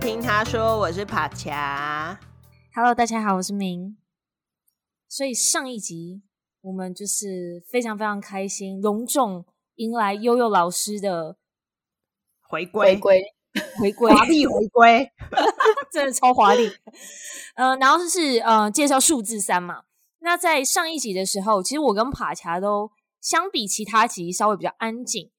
聽他說我是帕恰，Hello，大家好，我是明。所以上一集我們就是非常非常開心，隆重迎來悠悠老師的回歸，回歸，回歸，回歸，華麗回歸，真的超華麗。嗯，呃，然後就是呃，介紹數字三嘛。那在上一集的時候，其實我跟帕恰都相比其他集稍微比較安靜。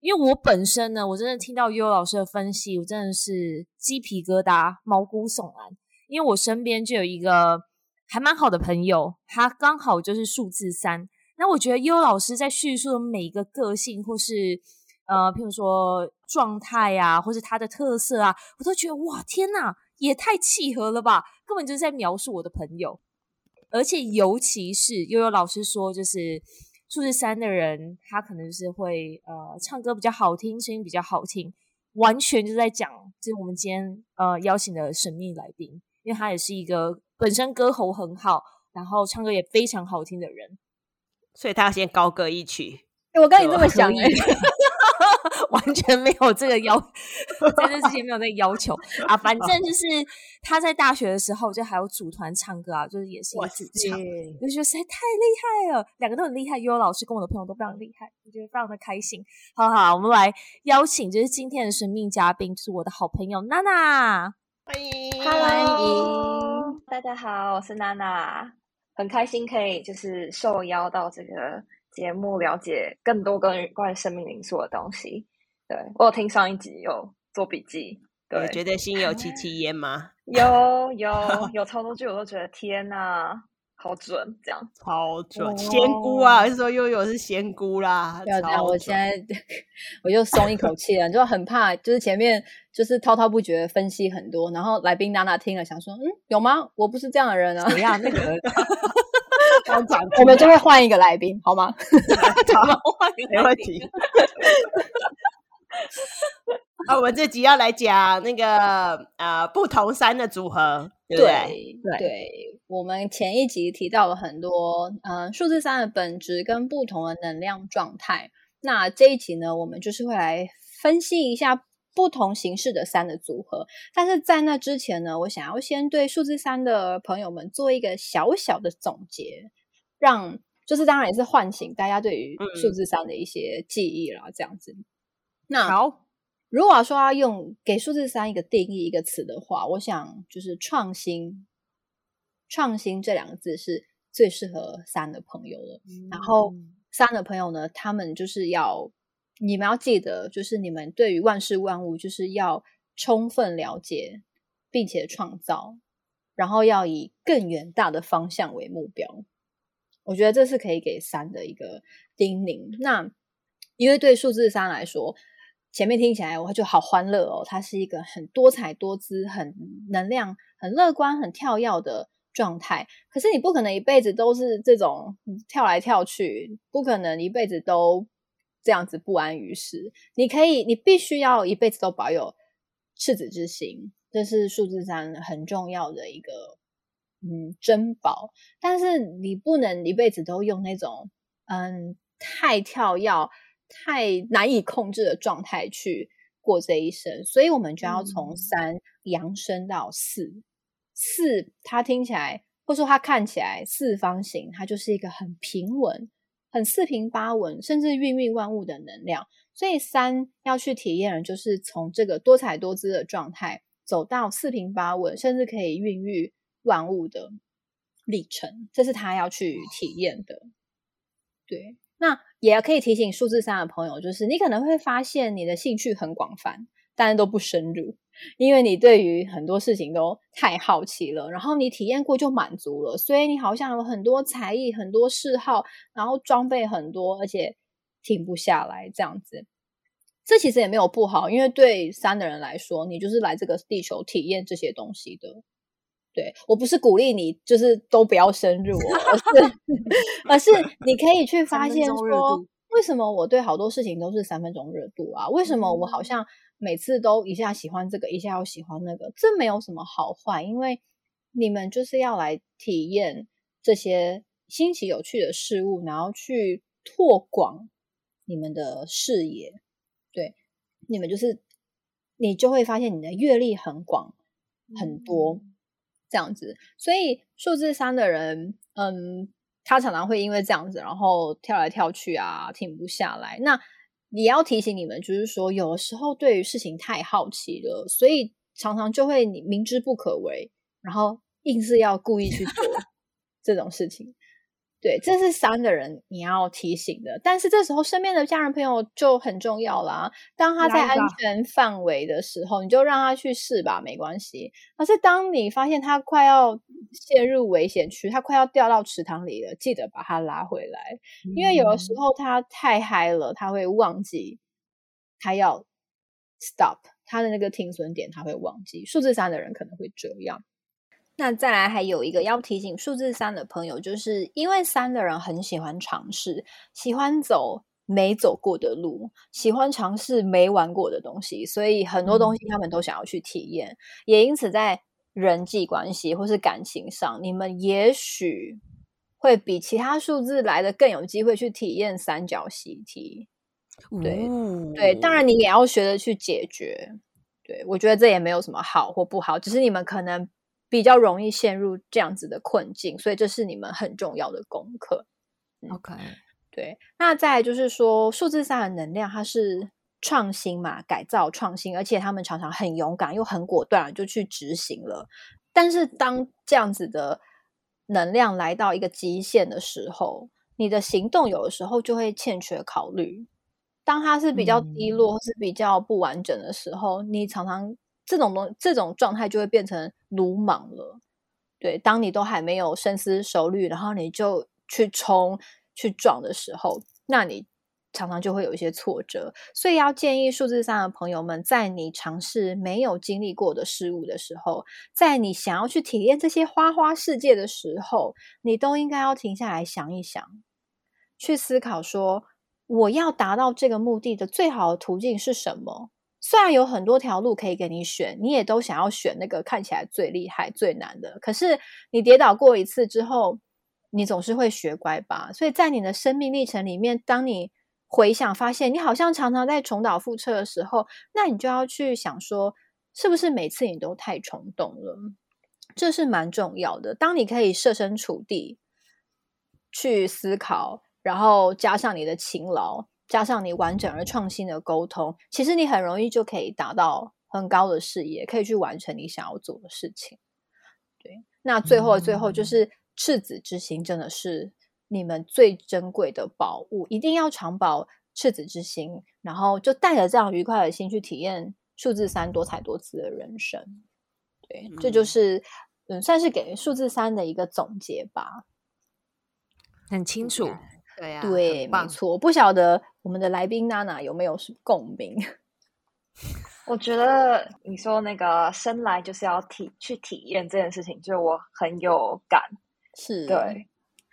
因為我本身呢，我真的聽到悠悠老師的分析，我真的是雞皮疙瘩、毛骨悚然。因為我身邊就有一個還蠻好的朋友，他剛好就是數字三。那我覺得悠悠老師在敘述的每一個個性，或是呃，譬如說狀態啊，或是他的特色啊，我都覺得哇，天哪，也太契合了吧！根本就是在描述我的朋友，而且尤其是悠悠老師說，就是。數字三的人，他可能是會呃唱歌比較好聽，聲音比較好聽，完全就在講就是我們今天呃邀請的神秘來賓，因為他也是一個本身歌喉很好，然後唱歌也非常好聽的人，所以他要先高歌一曲。欸、我跟你這麼想哎、欸。 完全沒有這個要， 這件事情沒有那個要求啊。反正就是他在大學的時候就還有組團唱歌啊，就是也是一起唱，就覺得實在太厲害了。兩個都很厲害，yuyu 老師跟我的朋友都非常厲害，我覺得非常的開心。好好，我們來邀請就是今天的神秘嘉賓，就是我的好朋友娜娜，歡迎，Hello，歡迎，大家好，我是娜娜，很開心可以就是受邀到這個。節目了解更多關於關於生命靈數的東西，對我有聽上一集有做筆記，對、欸，覺得心有戚戚焉嗎？有有有, 有超多句我都覺得天啊，好準這樣，好準、哦、仙姑啊，就是、說悠悠是仙姑啦，有準這樣我現在我就鬆一口氣了， 就很怕就是前面就是滔滔不絕分析很多，然後來賓娜娜聽了想說，嗯，有嗎？我不是這樣的人啊，怎樣那個。 我們就會換一個來賓，好嗎？好， 沒問題。啊，我們這集要來講那個啊、呃，不同三的組合，對對。對，對，我們前一集提到了很多，嗯、呃，數字三的本質跟不同的能量狀態。那這一集呢，我們就是會來分析一下不同形式的三的組合。但是在那之前呢，我想要先對數字三的朋友們做一個小小的總結。讓就是當然也是喚醒大家對於數字三的一些記憶啦，嗯、這樣子。那好，如果說要用給數字三一個定義一個詞的話，我想就是創新。創新這兩個字是最適合三的朋友了。嗯、然後三的朋友呢，他們就是要你們要記得，就是你們對於萬事萬物就是要充分了解，並且創造，然後要以更遠大的方向為目標。我覺得這是可以給三的一個叮嚀。那因為對數字三來說，前面聽起來我就好歡樂哦，它是一個很多彩多姿、很能量、很樂觀、很跳躍的狀態。可是你不可能一輩子都是這種跳來跳去，不可能一輩子都這樣子不安於世。你可以，你必須要一輩子都保有赤子之心，這是數字三很重要的一個。嗯，珍寶，但是你不能一輩子都用那種嗯，太跳躍太難以控制的狀態去過這一生，所以我們就要從三揚升到四。嗯、四，它聽起來或者說它看起來四方形，它就是一個很平穩、很四平八穩，甚至孕育萬物的能量。所以三要去體驗就是從這個多彩多姿的狀態走到四平八穩，甚至可以孕育萬物的歷程，這是他要去體驗的。對，那也可以提醒數字三的朋友，就是你可能會發現你的興趣很廣泛，但是都不深入，因為你對於很多事情都太好奇了，然後你體驗過就滿足了，所以你好像有很多才藝、很多嗜好，然後裝備很多，而且停不下來這樣子。這其實也沒有不好，因為對三的人來說，你就是來這個地球體驗這些東西的。對，我不是鼓勵你，就是都不要深入，哦 是，而是你可以去發現說， 為什麼我對好多事情都是三分鐘熱度啊？為什麼我好像每次都一下喜歡這個，嗯、一下又喜歡那個？這沒有什麼好壞，因為你們就是要來體驗這些新奇有趣的事物，然後去拓廣你們的視野。對，你們就是你就會發現你的閱歷很廣，嗯，很多。這樣子，所以數字三的人，嗯，他常常會因為這樣子，然後跳來跳去啊，停不下來。那也要提醒你們，就是說，有時候對於事情太好奇了，所以常常就會你明知不可為，然後硬是要故意去做這種事情。 對，這是三的人你要提醒的，但是這時候身邊的家人朋友就很重要啦。當他在安全範圍的時候，你就讓他去試吧，沒關係。可是當你發現他快要陷入危險區，他快要掉到池塘裡了，記得把他拉回來。因為有的時候他太嗨了，他會忘記他要 stop，他的那個停損點，他會忘記。數字三的人可能會這樣。那再來還有一個要提醒數字三的朋友，就是因為三的人很喜歡嘗試，喜歡走沒走過的路，喜歡嘗試沒玩過的東西，所以很多東西他們都想要去體驗，嗯、也因此在人際關係或是感情上，你們也許會比其他數字來的更有機會去體驗三角習題。對、嗯、對，當然你也要學着去解決。對，我覺得這也沒有什麼好或不好，只是你們可能。比較容易陷入這樣子的困境，所以這是你們很重要的功課。嗯、OK，對。那再來就是說，數字三的能量它是創新嘛，改造創新，而且他們常常很勇敢又很果斷，就去執行了。但是當這樣子的能量來到一個極限的時候，你的行動有的時候就會欠缺考慮。當它是比較低落或是比較不完整的時候，嗯、你常常。這種東，這種狀態就會變成魯莽了，對，當你都還沒有深思熟慮，然後你就去衝去撞的時候，那你常常就會有一些挫折。所以要建議數字三的朋友們，在你嘗試沒有經歷過的事物的時候，在你想要去體驗這些花花世界的時候，你都應該要停下來想一想，去思考說，我要達到這個目的的最好的途徑是什麼？雖然有很多條路可以給你選，你也都想要選那個看起來最厲害、最難的。可是你跌倒過一次之後，你總是會學乖吧？所以在你的生命歷程裡面，當你回想發現你好像常常在重蹈覆轍的時候，那你就要去想說，是不是每次你都太衝動了？這是蠻重要的。當你可以設身處地去思考，然後加上你的勤勞。加上你完整而創新的溝通，嗯、其實你很容易就可以達到很高的事業，可以去完成你想要做的事情。對，那最後、嗯、最後就是赤子之心，真的是你們最珍貴的寶物，一定要長保赤子之心，然後就帶着這樣愉快的心去體驗數字三多彩多姿的人生。對，嗯、這就是嗯，算是給數字三的一個總結吧。很清楚，對呀、啊，對，棒沒錯，不曉得。我們的來賓娜娜有沒有共鳴？我覺得你說那個生來就是要體去體驗這件事情，就我很有感。是。對。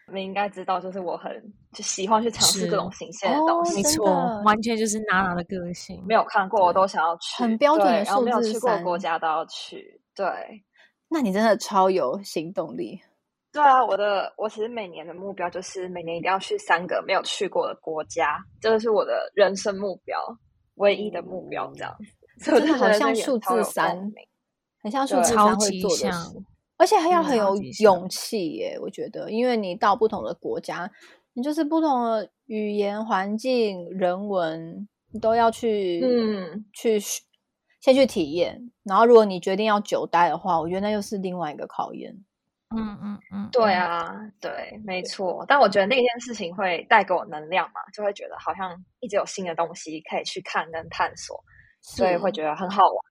你們應該知道，就是我很就喜歡去嘗試各種新鮮的東西，沒錯，哦、說的完全就是娜娜的個性、嗯。沒有看過，我都想要去，對很標準的數字三然後沒有去過國家都要去。對，那你真的超有行動力。對啊，我的我其實每年的目標就是每年一定要去三個沒有去過的國家，這個是我的人生目標，唯一的目標這樣。嗯、 所以真的好像數字三，很像數字三，超級像，而且還要很有勇氣耶、欸！嗯、我覺得，因為你到不同的國家，你就是不同的語言、環境、人文，你都要去嗯去先去體驗。然後，如果你決定要久待的話，我覺得那又是另外一個考驗。嗯嗯嗯，嗯嗯對啊，對，對沒錯。但我覺得那件事情會帶給我能量嘛，就會覺得好像一直有新的東西可以去看、跟探索，所以會覺得很好玩。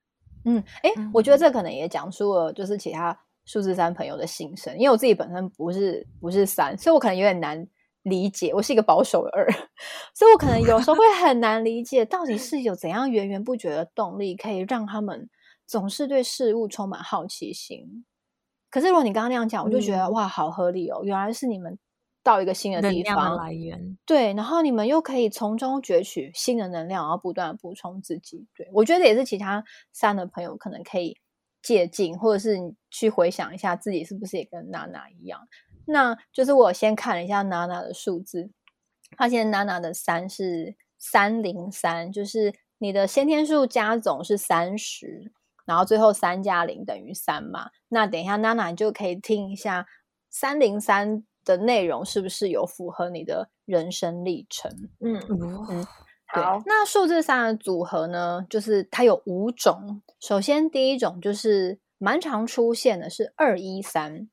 對嗯，哎，嗯、我覺得這可能也講述了就是其他數字三朋友的心聲，因為我自己本身不是不是三，所以我可能有點難理解。我是一個保守的二，所以我可能有時候會很難理解，到底是有怎樣源源不絕的動力，可以讓他們總是對事物充滿好奇心。可是如果你剛剛那樣講，我就覺得、嗯、哇，好合理哦！原來是你們到一個新的地方，來源。對，然後你們又可以從中攫取新的能量，然後不斷的補充自己。對，我覺得也是其他三的朋友可能可以借鏡，或者是你去回想一下自己是不是也跟娜娜一樣。那就是我先看了一下娜娜的數字，發現娜娜的三是三零三，就是你的先天數加總是三十。然後最後三加零等於三嘛，那等一下娜娜你就可以聽一下三零三的內容，是不是有符合你的人生歷程？嗯嗯，好。那數字三的組合呢，就是它有五種。首先第一種就是蠻常出現的是二一三，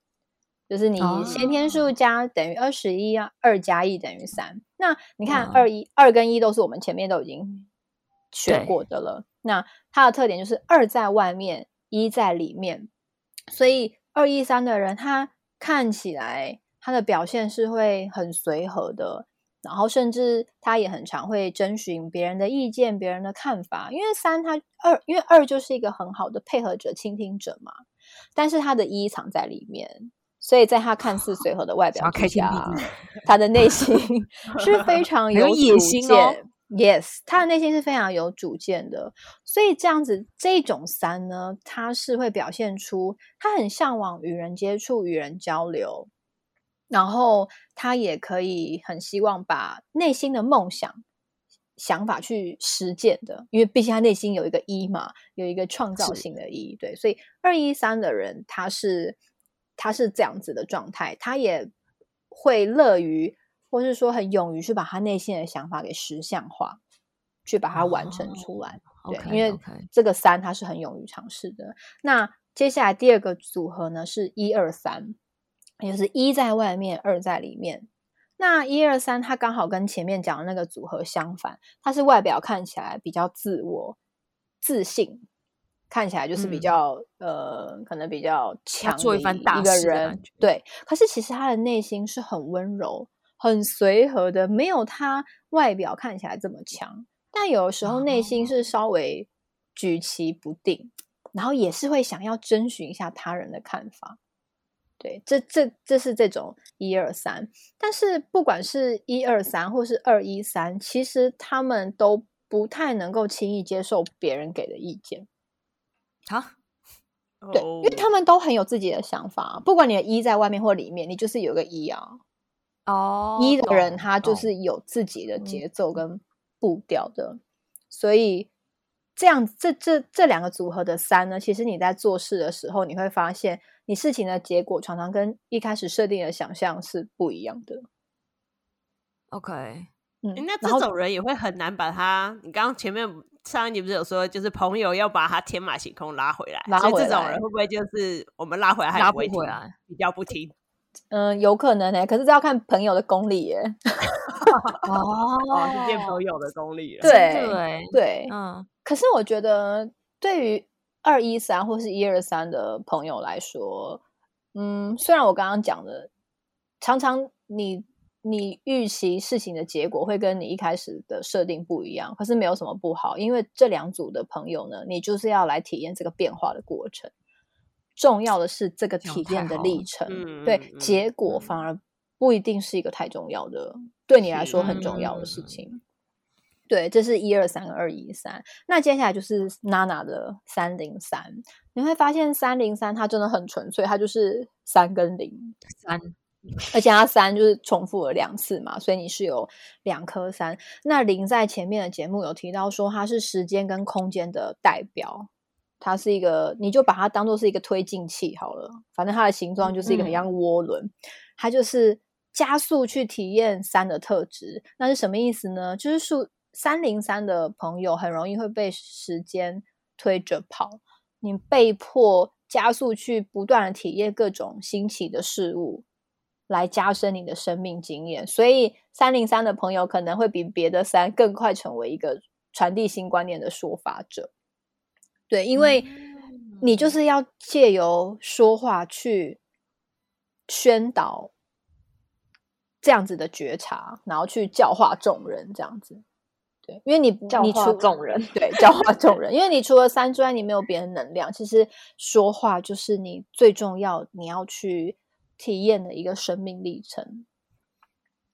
就是你先天數加等於二十一啊，二、oh. 二加一等於三。那你看二一二跟一都是我們前面都已經學過的了，對那他的特點就是二在外面，一在裡面。所以二一三的人，他看起來他的表現是會很隨和的，然後甚至他也很常會徵詢別人的意見、別人的看法。因為三他二，因為二就是一個很好的配合者、傾聽者嘛。但是他的一藏在裡面，所以在他看似隨和的外表看起來，哦、聽聽 他的內心是非常有 野心的、哦。Yes，他的內心是非常有主見的，所以這樣子，這種三呢，他是會表現出他很向往與人接觸、與人交流，然後他也可以很希望把內心的夢想、想法去實踐的，因為畢竟他內心有一個一嘛，有一個創造性的一是對，所以二一三的人，他是他是這樣子的狀態，他也會樂於。或是說很勇於去把他內心的想法給實相化，去把它完成出來。Oh, okay, okay. 對，因為這個三他是很勇於嘗試的。那接下來第二個組合呢是一二三，也就是一在外面，二在裡面。那一二三，他剛好跟前面講的那個組合相反，他是外表看起來比較自我、自信，看起來就是比較、嗯、呃，可能比較強一個人，做一番大事的感覺，對，可是其實他的內心是很溫柔。很隨和的，沒有他外表看起來這麼強，但有時候內心是稍微舉棋不定，然後也是會想要徵詢一下他人的看法。對，這這這是這種一二三，但是不管是一二三或是二一三，其實他們都不太能夠輕易接受別人給的意見。好、啊，對，因為他們都很有自己的想法，不管你的一在外面或裡面，你就是有個一啊。哦，一、oh, 的人懂他就是有自己的節奏跟步調的，嗯、所以這樣這這這兩個組合的三呢，其實你在做事的時候，你會發現你事情的結果常常跟一開始設定的想象是不一樣的。OK，、嗯欸、那這種人也會很難把他，後你剛剛前面上一集不是有說，就是朋友要把他天馬行空拉回來，然後這種人會不會就是我們拉回來還不會拉不回來，比較不聽。嗯，有可能呢、欸，可是這要看朋友的功力耶、欸。 哦，是見朋友的功力。對對對，對，嗯。可是我覺得，對於二一三、或是一二三的朋友來說，嗯，雖然我剛剛講的，常常你你預期事情的結果會跟你一開始的設定不一樣，可是沒有什麼不好，因為這兩組的朋友呢，你就是要來體驗這個變化的過程。重要的是這個體驗的歷程，嗯、對、嗯、結果反而不一定是一個太重要的，嗯、對你來說很重要的事情。嗯嗯嗯、對，這是一二三二一三，那接下來就是娜娜的三零三。你會發現三零三它真的很純粹，它就是三跟零三，而且它三就是重複了兩次嘛，所以你是有兩顆三。那零在前面的節目有提到說，它是時間跟空間的代表。它是一個，你就把它當做是一個推進器好了。反正它的形狀就是一個很像渦輪，嗯、它就是加速去體驗三的特質。那是什麼意思呢？就是數三零三的朋友很容易會被時間推着跑，你被迫加速去不斷的體驗各種新奇的事物，來加深你的生命經驗。所以三零三的朋友可能會比別的三更快成為一個傳遞新觀念的說法者。對，因為你就是要借由說話去宣導這樣子的覺察，然後去教化眾人這樣子。對，因為你教化眾人，你除對，了 對教化眾人，因為你除了三之外，你沒有別的能量。其實說話就是你最重要，你要去體驗的一個生命歷程。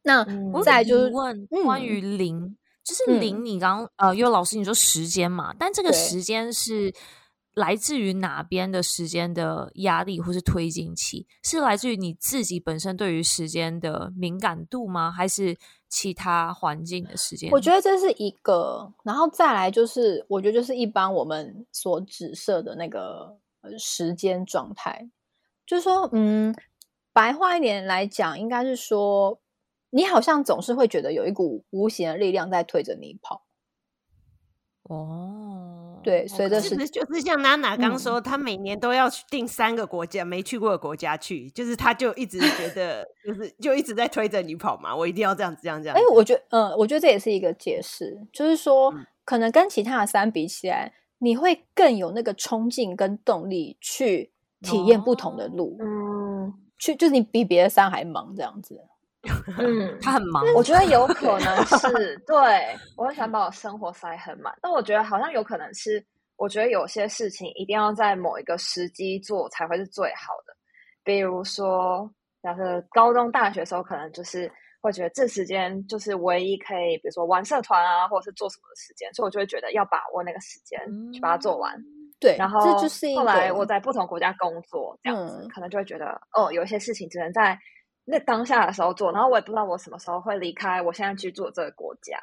那、嗯、再就是問關於零。嗯就是零你剛剛，你剛、嗯、呃，yuyu 老師你說時間嘛，但這個時間是來自於哪邊的時間的壓力，或是推進器？是來自於你自己本身對於時間的敏感度嗎？還是其他環境的時間？我覺得這是一個，然後再來就是，我覺得就是一般我們所指涉的那個時間狀態，就是說，嗯，白話一點來講，應該是說。你好像總是會覺得有一股無形的力量在推着你跑，哦，對，隨着時間就是像娜娜剛說，嗯、她每年都要去訂三個國家沒去過的國家去，就是她就一直覺得 就是就一直在推着你跑嘛，我一定要這樣子這樣子這樣子。哎、欸，我覺得嗯，我覺得這也是一個解釋，就是說、嗯、可能跟其他的山比起來，你會更有那個衝勁跟動力去體驗不同的路，哦、嗯，去就是你比別的山還忙這樣子。 嗯，他很忙。為 我覺得有可能是對，我很想把我生活塞很滿。但我覺得好像有可能是，我覺得有些事情一定要在某一個時機做才會是最好的。比如說，假設高中、大學的時候，可能就是會覺得這時間就是唯一可以，比如說玩社團啊，或者是做什麼的時間，所以我就會覺得要把握那個時間、嗯、去把它做完。對，然後後來我在不同國家工作，這樣子、嗯、可能就會覺得哦，有一些事情只能在。那當下的時候做，然後我也不知道我什麼時候會離開。我現在去做這個國家，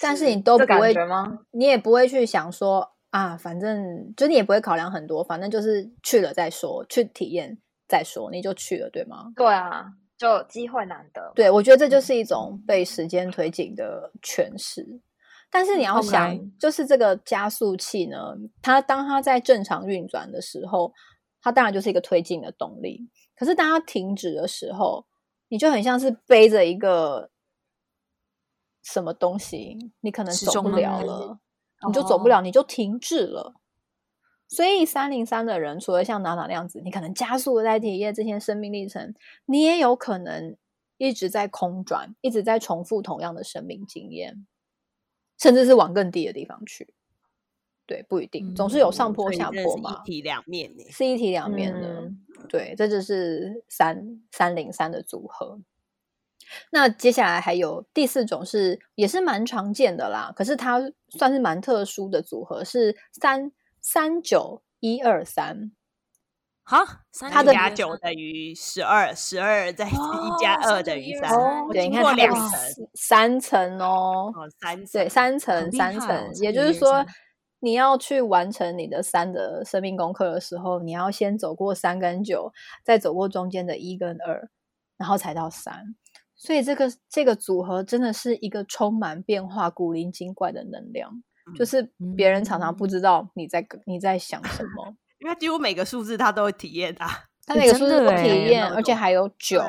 但是你都不會覺嗎？你也不會去想說啊，反正就是、你也不會考量很多，反正就是去了再說，去體驗再說，你就去了，對嗎？對啊，就有機會難得。對，我覺得這就是一種被時間推進的詮釋。嗯、但是你要想，Okay. 就是這個加速器呢，它當它在正常運轉的時候，它當然就是一個推進的動力。可是，當它停止的時候，你就很像是背着一個什麼東西，你可能受不了了，你就走不了，Oh. 你就停滯了。所以，三零三的人，除了像娜娜那樣子，你可能加速在體驗這些生命歷程，你也有可能一直在空轉，一直在重複同樣的生命經驗，甚至是往更低的地方去。對，不一定總是有上坡下坡嘛，是一體兩面的，是一體兩面的。對，這就是三三零三的組合。那接下來還有第四種是，也是蠻常見的啦，可是它算是蠻特殊的組合，是三三九一二三。好，三加九等於十二，十二再一加二等於三，你看，兩層、三層哦，三對三層、三層，也就是說。你要去完成你的三的生命功課的時候，你要先走過三跟九，再走過中間的一跟二，然後才到三。所以這個這個組合真的是一個充滿變化、古靈精怪的能量，嗯、就是別人常常不知道你在、嗯、你在想什麼，因為幾乎每個數字他都會體驗它、啊，他每個數字都體驗，欸、而且還有九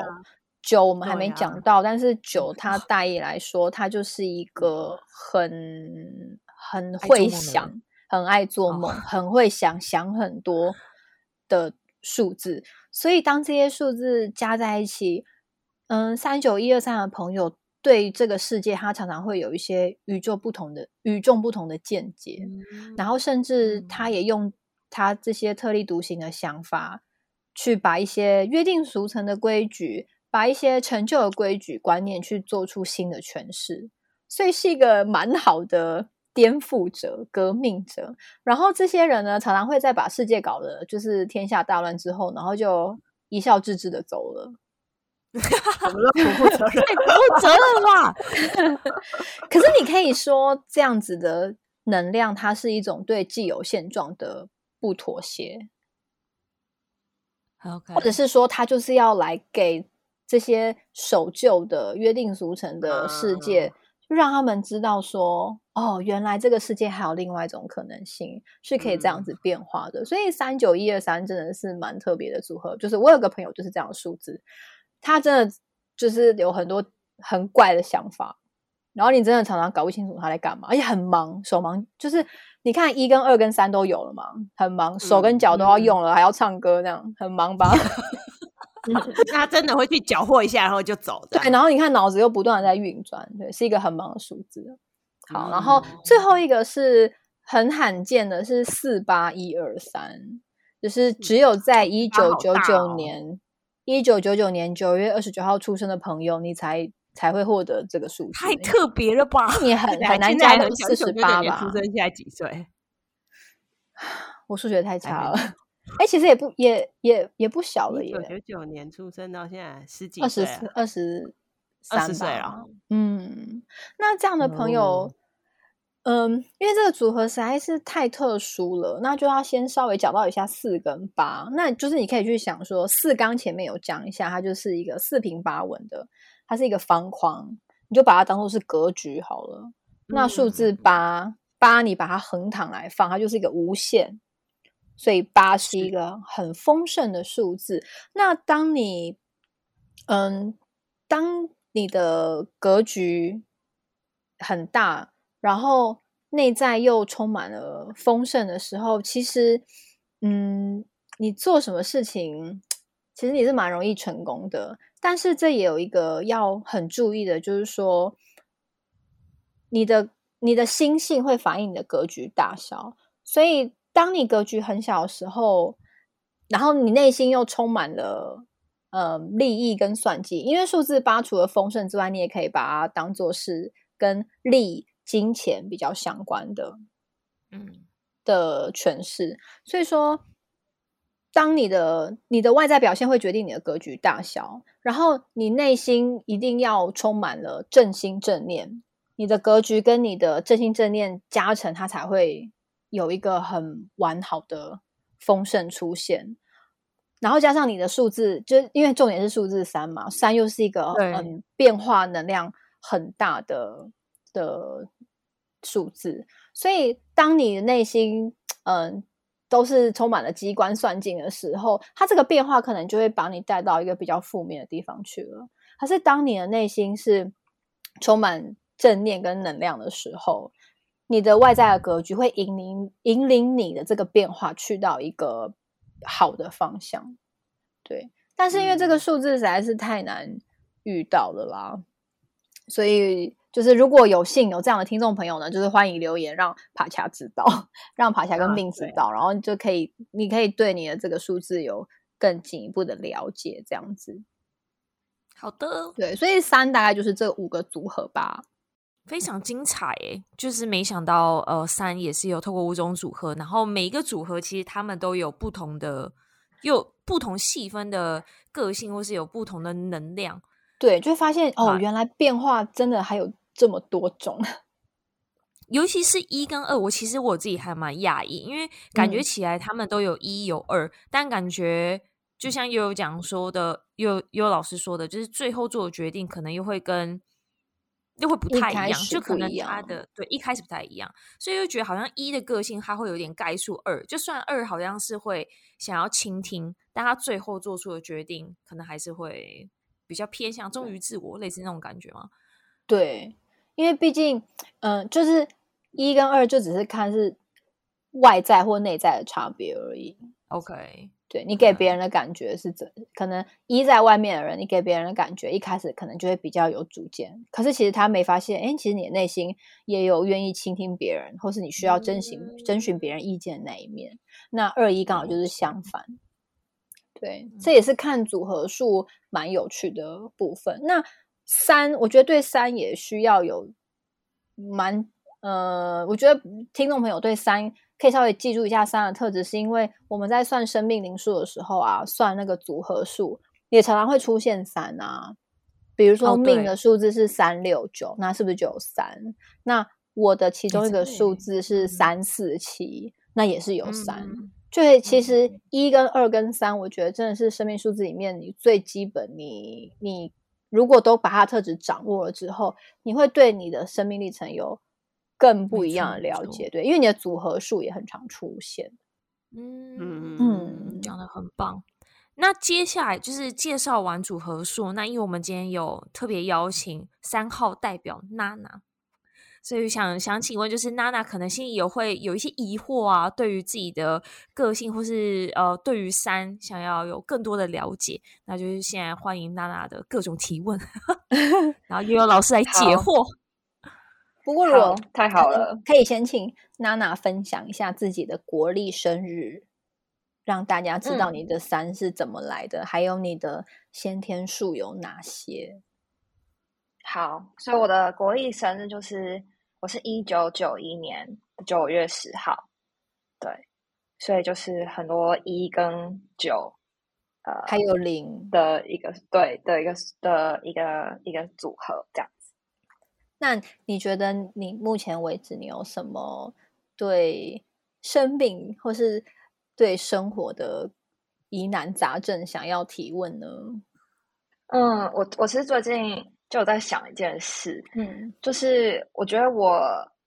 九、啊、我們還沒講到，啊、但是九它大意來說，它就是一個很。很會想，很愛做夢，啊、很會想，想很多的數字，所以當這些數字加在一起，嗯，三九一二三的朋友對這個世界，他常常會有一些與眾不同的、與眾不同的見解。嗯、然後，甚至他也用他這些特立獨行的想法，去把一些約定俗成的規矩、把一些陳舊的規矩觀念，去做出新的詮釋。所以，是一個蠻好的顛覆者、革命者，然後這些人呢，常常會在把世界搞得就是天下大亂之後，然後就一笑置之的走了。怎麼了啦？不負責任，太不負責任了。可是你可以說，這樣子的能量，它是一種對既有現狀的不妥協。Okay. 或者是說，他就是要來給這些守舊的、約定俗成的世界。Uh huh. 就讓他們知道說，哦，原來這個世界還有另外一種可能性，是可以這樣子變化的。嗯、所以三九一二三真的是蠻特別的組合。就是我有個朋友就是這樣的數字，他真的就是有很多很怪的想法，然後你真的常常搞不清楚他在幹嘛，而且很忙，手忙，就是你看一跟二跟三都有了嘛，很忙，手跟腳都要用了，嗯、還要唱歌那樣，很忙吧。嗯嗯 嗯、 那他真的會去攪和一下，然後就走的。對，然後你看腦子又不斷的在運轉，對，是一個很忙的數字。嗯、好，然後最後一個是很罕見的，是四八一二三，就是只有在一九九九年一九九九年九月二十九號出生的朋友，你才才會獲得這個數字。太特別了吧？你很很難加到四十八吧？出生現在幾歲？ 我數學太差了。哎、欸，其實也不也也也不小了耶，也九九年出生到現在十幾，二十、二十、三歲啊 24, 嗯，那這樣的朋友，嗯,嗯，因為這個組合實在是太特殊了，那就要先稍微講到一下四跟八。那就是你可以去想說，四剛前面有講一下，它就是一個四平八穩的，它是一個方框，你就把它當做是格局好了。那數字八，嗯、八你把它橫躺來放，它就是一個無限。所以八是一個很豐盛的數字。那當你，嗯，當你的格局很大，然後內在又充滿了豐盛的時候，其實，嗯，你做什麼事情，其實你是蠻容易成功的。但是這也有一個要很注意的，就是說，你的你的心性會反映你的格局大小，所以。當你格局很小的時候，然後你內心又充滿了呃、嗯、利益跟算計，因為數字八除了豐盛之外，你也可以把它當做是跟利金錢比較相關的，嗯的詮釋。所以說，當你的你的外在表現會決定你的格局大小，然後你內心一定要充滿了正心正念，你的格局跟你的正心正念加成，它才會。有一個很完好的豐盛出現，然後加上你的數字，就因為重點是數字三嘛，三又是一個很對、嗯、變化能量很大的的數字，所以當你的內心嗯都是充滿了機關算盡的時候，它這個變化可能就會把你帶到一個比較負面的地方去了。可是當你的內心是充滿正念跟能量的時候。你的外在的格局會引領引領你的這個變化去到一個好的方向，對。但是因為這個數字實在是太難遇到了啦，所以就是如果有幸有這樣的聽眾朋友呢，就是歡迎留言讓帕恰知道，讓帕恰跟命知道，然後就可以，你可以對你的這個數字有更進一步的了解，這樣子。好的，對，所以三大概就是這五個組合吧。非常精彩誒、欸，就是沒想到，呃，三也是有透過五種組合，然後每一個組合其實他們都有不同的，又有不同細分的個性，或是有不同的能量。對，就發現但哦，原來變化真的還有這麼多種。尤其是一跟二，我其實我自己還蠻訝異，因為感覺起來他們都有一有二，嗯，但感覺就像 yuyu 講說的，yuyu 老師說的，就是最後做的決定可能又會跟。又會不太一樣，一開始不一樣就可能他的，對，一開始不太一樣，所以就覺得好像一的個性他會有點概述二，就算二好像是會想要傾聽，但他最後做出的決定可能還是會比較偏向忠於自我，對類似那種感覺嘛。對，因為畢竟嗯、呃，就是一跟二就只是看是外在或內在的差別而已。OK。對，你給別人的感覺是怎？嗯、可能一在外面的人，你給別人的感覺一開始可能就會比較有主見，可是其實他沒發現，哎，其實你的內心也有願意傾聽別人，或是你需要徵詢、嗯、徵詢別人意見的那一面。那二一剛好就是相反，嗯、對，這也是看組合數蠻有趣的部分。那三，我覺得對三也需要有蠻呃，我覺得聽眾朋友對三。可以稍微記住一下三的特質，是因為我們在算生命靈數的時候啊，算那個組合數也常常會出現三啊。比如說命的數字是三六九，那是不是就有三？那我的其中一個數字是三四七，3, 4, 7, 那也是有三。所以、嗯、其實一跟二跟三，我覺得真的是生命數字裡面你最基本你，你你如果都把它的特質掌握了之後，你會對你的生命歷程有。更不一樣的了解。沒錯，對，因為你的組合數也很常出現。嗯嗯，講得、嗯、很棒。那接下來就是介紹完組合數，那因為我們今天有特別邀請三號代表娜娜，所以想想請問，就是娜娜可能心裡也會有一些疑惑啊，對於自己的個性或是呃，對於三想要有更多的了解，那就是現在歡迎娜娜的各種提問， 然後又有老師來解惑。 不過我，太好了，可,可以先請娜娜分享一下自己的國歷生日，讓大家知道你的三是怎麼來的，嗯、還有你的先天數有哪些。好，所以我的國歷生日就是我是一九九一年九月十號，對，所以就是很多一跟九，呃，還有零的一個對的一個的一個一個組合這樣。那你覺得你目前為止你有什麼對生病或是對生活的疑難雜症想要提問呢？嗯，我我其實最近就有在想一件事，嗯，就是我覺得我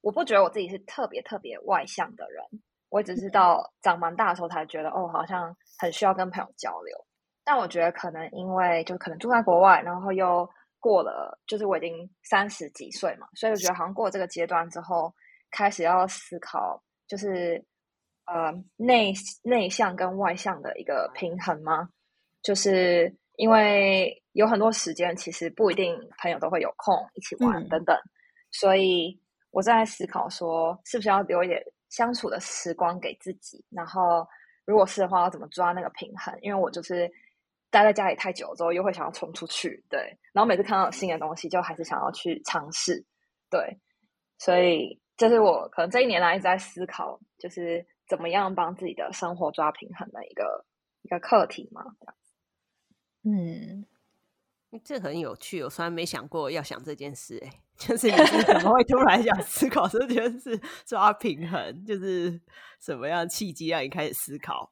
我不覺得我自己是特別特別外向的人，我只知道長蠻大的時候才覺得、嗯、哦，好像很需要跟朋友交流，但我覺得可能因為就可能住在國外，然後又。過了，就是我已經三十幾歲嘛，所以我覺得好像過這個階段之後，開始要思考，就是呃內內向跟外向的一個平衡嗎？就是因為有很多時間，其實不一定朋友都會有空一起玩等等，嗯、所以我在思考說，是不是要留一點相處的時光給自己？然後如果是的話，要怎麼抓那個平衡？因為我就是。待在家裡太久了之後，又會想要衝出去，對。然後每次看到新的東西，就還是想要去嘗試，對。所以這、就是我可能這一年來一直在思考，就是怎麼樣幫自己的生活抓平衡的一個一個課題嘛，這樣子。嗯、欸，這很有趣。我雖然沒想過要想這件事，欸，哎，就是你是怎麼會突然想思考這件事，是抓平衡，就是什麼樣的契機讓你開始思考？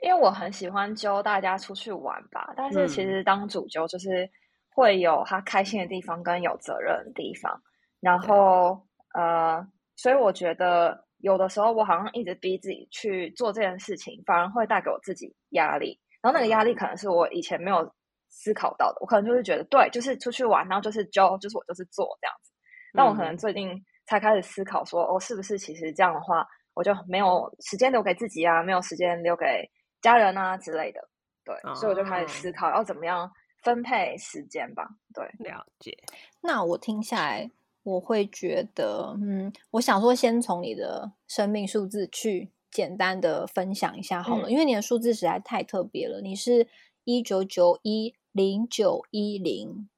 因為我很喜歡揪大家出去玩吧，但是其實當主揪就是會有他開心的地方跟有責任的地方，然後、嗯、呃，所以我覺得有的時候我好像一直逼自己去做這件事情，反而會帶給我自己壓力。然後那個壓力可能是我以前沒有思考到的，我可能就是覺得對，就是出去玩，然後就是揪，就是我就是做這樣子。但我可能最近才開始思考說，我、哦、是不是其實這樣的話，我就沒有時間留給自己啊，沒有時間留給家人啊之類的，對，哦、所以我就開始思考要、嗯哦、怎麼樣分配時間吧。對，了解。那我聽下來，我會覺得，嗯，我想說，先從你的生命數字去簡單的分享一下好了，嗯、因為你的數字實在太特別了。你是一九九一零九一零，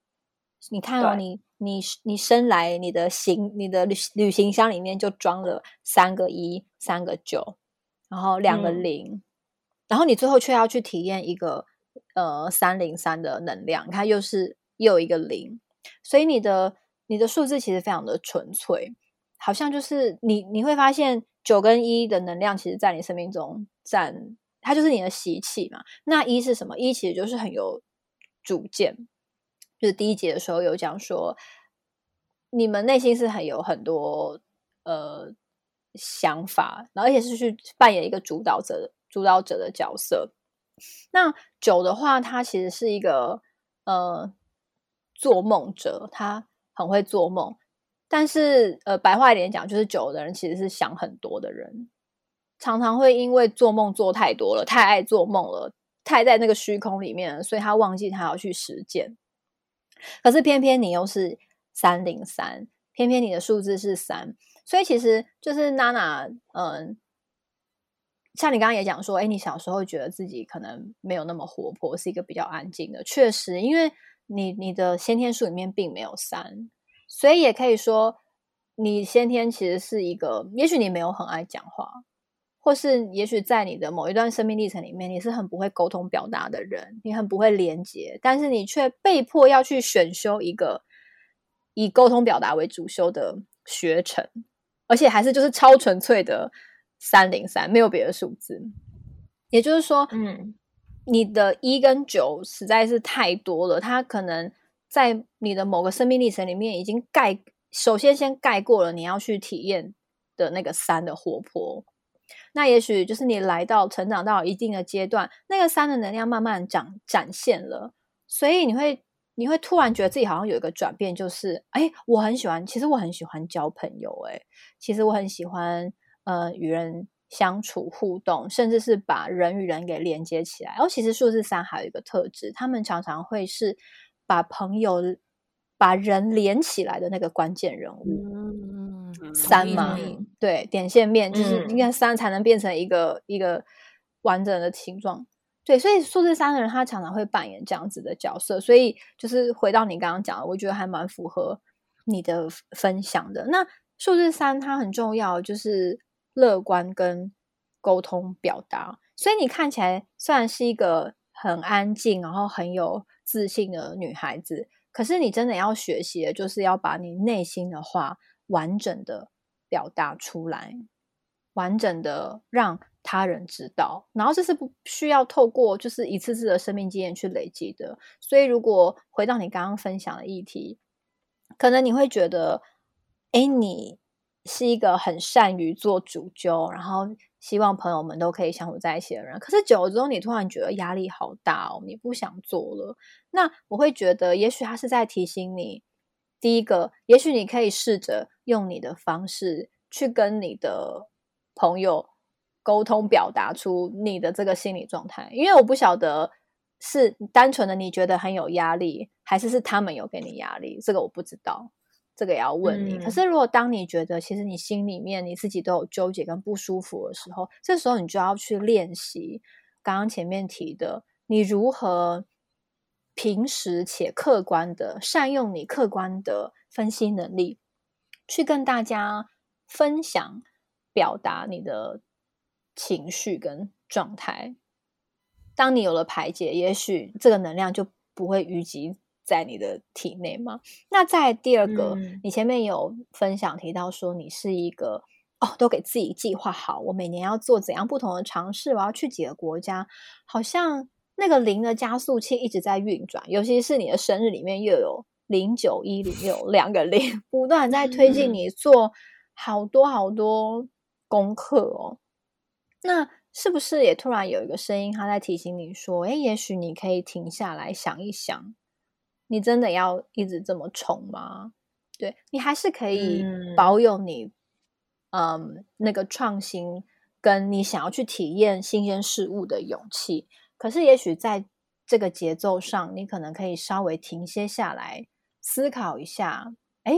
你看哦，對你你你生來你的行你的旅旅行箱裡面就裝了三個一，三個九，然後兩個零、嗯。然後你最後卻要去體驗一個，呃，三零三的能量，它又是又一個零，所以你的你的數字其實非常的純粹，好像就是你你會發現九跟一的能量，其實，在你生命中占，它就是你的習氣嘛。那一是什麼？一其實就是很有主見，就是第一集的時候有講說，你們內心是很有很多呃想法，然後而且是去扮演一個主導者的。主導者的角色，那九的話，他其實是一個呃做夢者，他很會做夢，但是呃，白話一點講，就是九的人其實是想很多的人，常常會因為做夢做太多了，太愛做夢了，太在那個虛空裡面，所以他忘記他要去實踐。可是偏偏你又是三零三，偏偏你的數字是三，所以其實就是娜娜，呃，嗯。像你剛剛也講說，哎，你小時候覺得自己可能沒有那麼活潑，是一個比較安靜的。確實，因為你你的先天數裡面並沒有三，所以也可以說你先天其實是一個，也許你沒有很愛講話，或是也許在你的某一段生命歷程裡面，你是很不會溝通表達的人，你很不會連接，但是你卻被迫要去選修一個以溝通表達為主修的學程，而且還是就是超純粹的。三零三沒有別的數字，也就是說，嗯，你的一跟九實在是太多了，它可能在你的某個生命歷程裡面已經蓋，首先先蓋過了你要去體驗的那個三的活潑。那也許就是你來到成長到一定的階段，那個三的能量慢慢展展現了，所以你會你會突然覺得自己好像有一個轉變，就是哎、欸，我很喜歡，其實我很喜歡交朋友、欸，哎，其實我很喜歡。呃，與人相處、互動，甚至是把人與人給連接起來。然、哦、後，其實數字三還有一個特質，他們常常會是把朋友、把人連起來的那個關鍵人物。嗯，三嘛嗎，嗯、對，點線面，就是因為三才能變成一個、嗯、一個完整的形狀。對，所以數字三的人，他常常會扮演這樣子的角色。所以，就是回到你剛剛講的，我覺得還蠻符合你的分享的。那數字三它很重要，就是。樂觀跟溝通表達，所以你看起來雖然是一個很安靜，然後很有自信的女孩子，可是你真的要學習的就是要把你內心的話完整的表達出來，完整的讓他人知道。然後這是不需要透過就是一次次的生命經驗去累積的。所以如果回到你剛剛分享的議題，可能你會覺得，哎，你。是一個很善於做主揪，然後希望朋友們都可以相處在一起的人。可是久了之後，你突然覺得壓力好大哦，你不想做了。那我會覺得，也許他是在提醒你，第一個，也許你可以試着用你的方式去跟你的朋友溝通，表達出你的這個心理狀態。因為我不曉得是單純的你覺得很有壓力，還是是他們有給你壓力，這個我不知道。這個也要問你。嗯、可是，如果當你覺得其實你心裡面你自己都有糾結跟不舒服的時候，這時候你就要去練習剛剛前面提的，你如何平實且客觀的善用你客觀的分析能力，去跟大家分享表達你的情緒跟狀態。當你有了排解，也許這個能量就不會淤積。在你的體內嗎？那在第二個，嗯、你前面有分享提到說，你是一個哦，都給自己計劃好，我每年要做怎樣不同的嘗試，我要去幾個國家，好像那個零的加速器一直在運轉，尤其是你的生日裡面又有零九一零又有兩個零，不斷在推進你做好多好多功課哦。那是不是也突然有一個聲音，他在提醒你說，誒，也許你可以停下來想一想。你真的要一直這麼衝嗎？對，你還是可以保有你，嗯，嗯，那個創新跟你想要去體驗新鮮事物的勇氣。可是，也許在這個節奏上，你可能可以稍微停歇下來，思考一下：哎，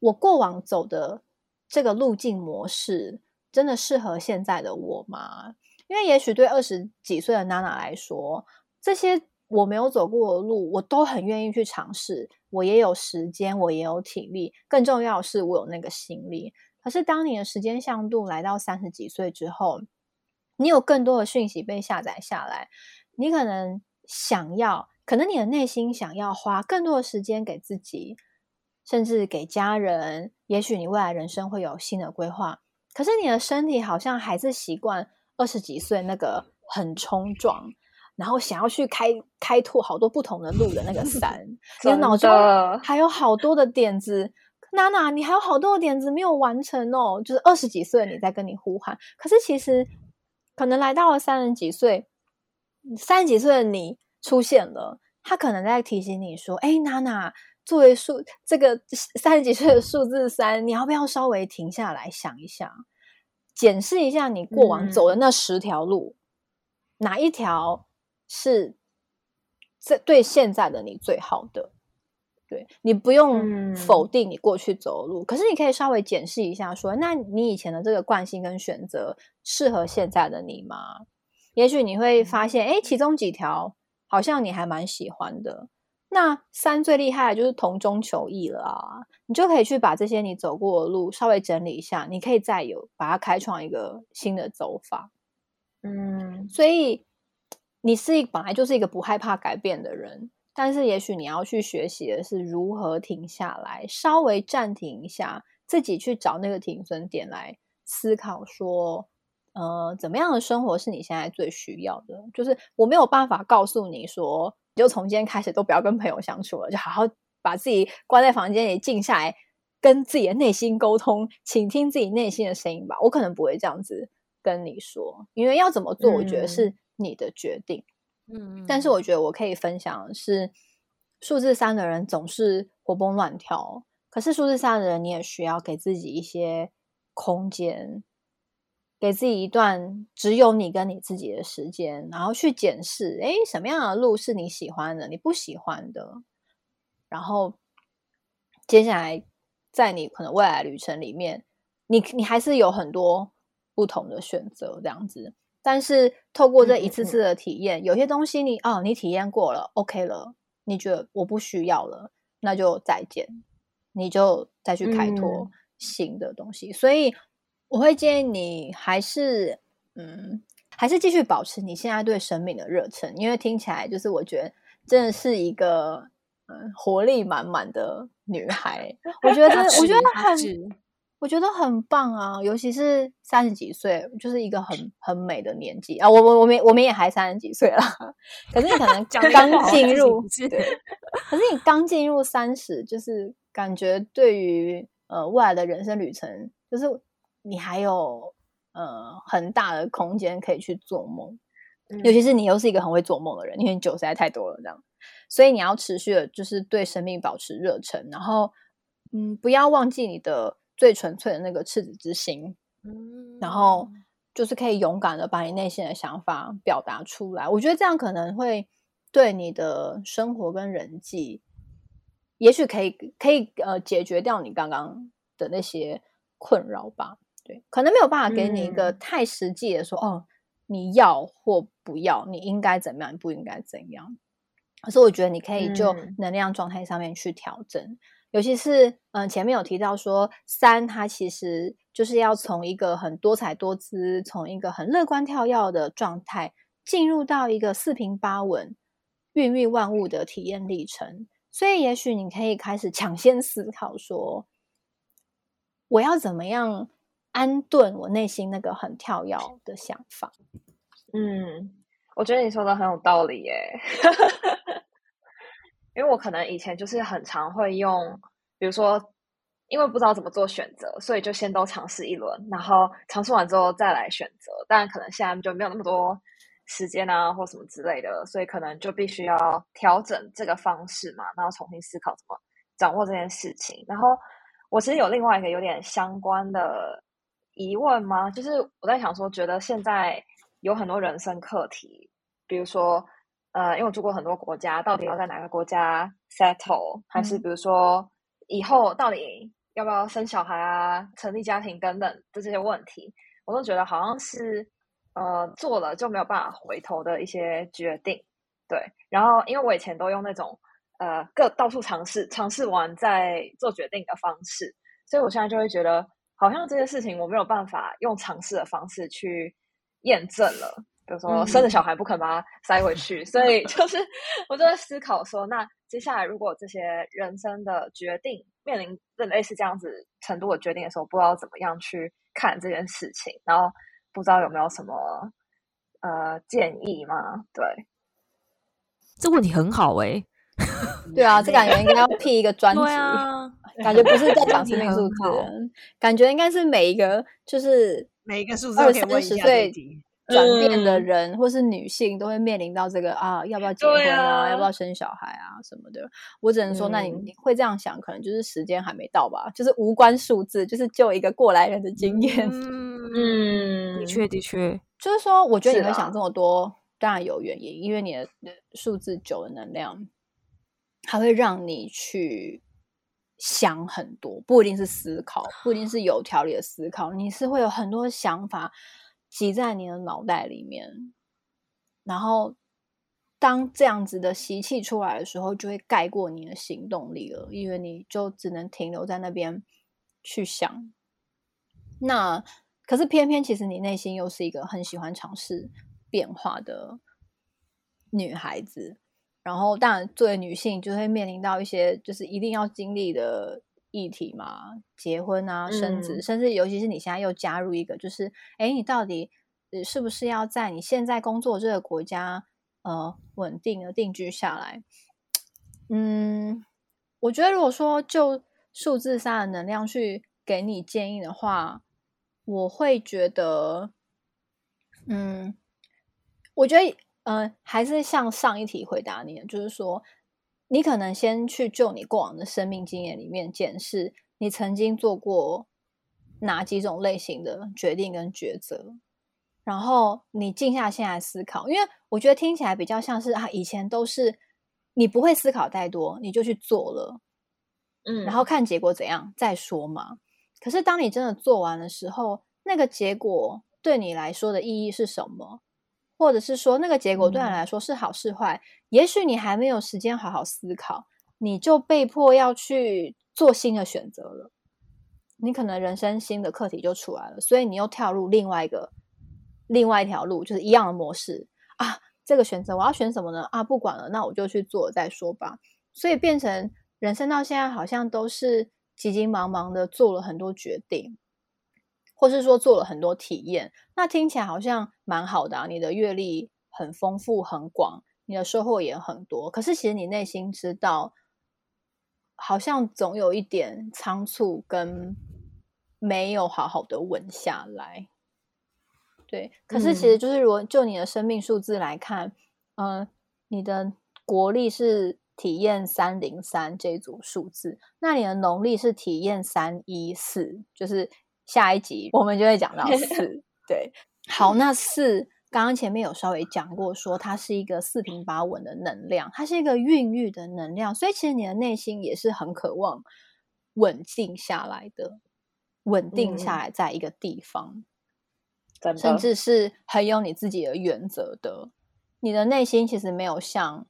我過往走的這個路徑模式，真的適合現在的我嗎？因為，也許對二十幾歲的娜娜來說，這些。我沒有走過的路，我都很願意去嘗試。我也有時間，我也有體力，更重要的是，我有那個心力。可是，當你的時間向度來到三十幾歲之後，你有更多的訊息被下載下來，你可能想要，可能你的內心想要花更多的時間給自己，甚至給家人。也許你未來人生會有新的規劃，可是你的身體好像還是習慣二十幾歲那個很衝撞。然後想要去開開拓好多不同的路的那個三 的，你的腦中還有好多的點子，娜娜，你還有好多的點子沒有完成哦。就是二十幾歲的你在跟你呼喊，可是其實可能來到了三十幾歲，三十幾歲的你出現了，他可能在提醒你說：“哎、欸，娜娜，作為數這個三十幾歲的數字三，你要不要稍微停下來想一想，檢視一下你過往走的那十條路，嗯、哪一條？”是，這對現在的你最好的，對，你不用否定你過去走的路，嗯、可是你可以稍微檢視一下說，說那你以前的這個慣性跟選擇適合現在的你嗎？也許你會發現，哎、嗯，其中幾條好像你還蠻喜歡的。那三最厲害的就是同中求異了啊，你就可以去把這些你走過的路稍微整理一下，你可以再有把它開創一個新的走法。嗯，所以。你是一本來就是一個不害怕改變的人，但是也許你要去學習的是如何停下來，稍微暫停一下，自己去找那個停損點來思考，說，呃，怎麼樣的生活是你現在最需要的？就是我沒有辦法告訴你說，你就從今天開始都不要跟朋友相處了，就好好把自己關在房間裡，靜下來跟自己的內心溝通，傾聽自己內心的聲音吧。我可能不會這樣子跟你說，因為要怎麼做，我覺得是、嗯。你的決定，嗯，但是我覺得我可以分享的是數字三的人總是活蹦亂跳，可是數字三的人，你也需要給自己一些空間，給自己一段只有你跟你自己的時間，然後去檢視，誒，什麼樣的路是你喜歡的，你不喜歡的，然後接下來在你可能未來旅程裡面，你你還是有很多不同的選擇，這樣子。但是透過這一次次的體驗，嗯嗯、有些東西你哦，你體驗過了，OK 了，你覺得我不需要了，那就再見，你就再去開拓新的東西。嗯、所以我會建議你還是嗯，還是繼續保持你現在對生命的熱忱，因為聽起來就是我覺得真的是一個嗯活力滿滿的女孩。我覺得吃我覺得她很。我覺得很棒啊，尤其是三十幾歲，就是一個很很美的年紀啊。我我我們我們也還三十幾歲啦，可是你可能剛，剛進入 對，可是你剛進入三十，就是感覺對於呃未來的人生旅程，就是你還有呃很大的空間可以去做夢。嗯、尤其是你又是一個很會做夢的人，因為你九十在太多了，這樣，所以你要持續的，就是對生命保持熱忱，然後嗯，不要忘記你的，最純粹的那個赤子之心，然後就是可以勇敢的把你內心的想法表達出來。我覺得這樣可能會對你的生活跟人際，也許可以可以呃解決掉你剛剛的那些困擾吧。對，可能沒有辦法給你一個太實際的說、嗯、哦，你要或不要，你應該怎麼樣，你不應該怎樣。可是我覺得你可以就能量狀態上面去調整。嗯尤其是，嗯，前面有提到說，三它其實就是要從一個很多彩多姿、從一個很樂觀跳躍的狀態，進入到一個四平八穩、孕育萬物的體驗歷程。所以，也許你可以開始搶先思考說，我要怎麼樣安頓我內心那個很跳躍的想法？嗯，我覺得你說的很有道理，耶。 因為我可能以前就是很常會用，比如說，因為不知道怎麼做選擇，所以就先都嘗試一輪，然後嘗試完之後再來選擇。但可能現在就沒有那麼多時間啊，或什麼之類的，所以可能就必須要調整這個方式嘛，然後重新思考怎麼掌握這件事情。然後我其實有另外一個有點相關的疑問嘛，就是我在想說，覺得現在有很多人生課題，比如說。呃，因為我住過很多國家，到底要在哪個國家 settle，還是比如說以後到底要不要生小孩啊、成立家庭等等的這些問題，我都覺得好像是呃做了就沒有辦法回頭的一些決定。對，然後因為我以前都用那種呃各到處嘗試嘗試完再做決定的方式，所以我現在就會覺得好像這些事情我沒有辦法用嘗試的方式去驗證了。比如說生的小孩不肯把它塞回去，嗯、所以就是我就在思考說，那接下來如果這些人生的決定面臨類似這樣子程度的決定的時候，不知道怎麼樣去看這件事情，然後不知道有沒有什麼呃建議嗎？對，這問題很好哎、欸。對啊，這感覺應該要闢一個專輯， 啊、感覺不是在講生命數字， 好感覺應該是每一個就是每一個數字二三十歲。轉變的人，或是女性，都會面臨到這個啊，要不要結婚啊，啊要不要生小孩啊什麼的。我只能說那你，那、嗯、你會這樣想，可能就是時間還沒到吧。就是無關數字，就是就一個過來人的經驗、嗯。嗯，嗯的確的確，就是說，我覺得你會想這麼多，啊、當然有原因，因為你的數字九的能量，它會讓你去想很多，不一定是思考，不一定是有條理的思考，你是會有很多想法，擠在你的腦袋裡面，然後當這樣子的習氣出來的時候，就會蓋過你的行動力了，因為你就只能停留在那邊去想。那可是偏偏，其實你內心又是一個很喜歡嘗試變化的女孩子，然後當然作為女性，就會面臨到一些就是一定要經歷的。議題嘛，結婚啊，生子，嗯、甚至尤其是你現在又加入一個，就是，誒、欸、你到底是不是要在你現在工作這個國家呃穩定的定居下來？嗯，我覺得如果說就數字上的能量去給你建議的話，我會覺得，嗯，我覺得，嗯、呃，還是像上一題回答你的，就是說。你可能先去就你過往的生命經驗裡面檢視，你曾經做過哪幾種類型的決定跟抉擇，然後你靜下心來思考，因為我覺得聽起來比較像是啊，以前都是你不會思考太多，你就去做了，嗯，然後看結果怎樣再說嘛。可是當你真的做完的時候，那個結果對你來說的意義是什麼？或者是說那個結果對你來說是好是壞，嗯、也許你還沒有時間好好思考，你就被迫要去做新的選擇了。你可能人生新的課題就出來了，所以你又跳入另外一個、另外一條路，就是一樣的模式啊。這個選擇我要選什麼呢？啊，不管了，那我就去做再說吧。所以變成人生到現在好像都是急急忙忙的做了很多決定。或是說做了很多體驗，那聽起來好像蠻好的啊。你的閱歷很豐富，很廣，你的收穫也很多。可是其實你內心知道，好像總有一點倉促跟沒有好好的穩下來。對，可是其實就是如果、嗯、就你的生命數字來看，嗯、呃，你的國曆是體驗三零三這組數字，那你的農曆是體驗三一四，就是。下一集我們就會講到四， 對，好，那四剛剛前面有稍微講過說，說它是一個四平八穩的能量，它是一個孕育的能量，所以其實你的內心也是很渴望穩定下來的，穩定下來在一個地方，嗯、甚至是很有你自己的原則的，你的內心其實沒有像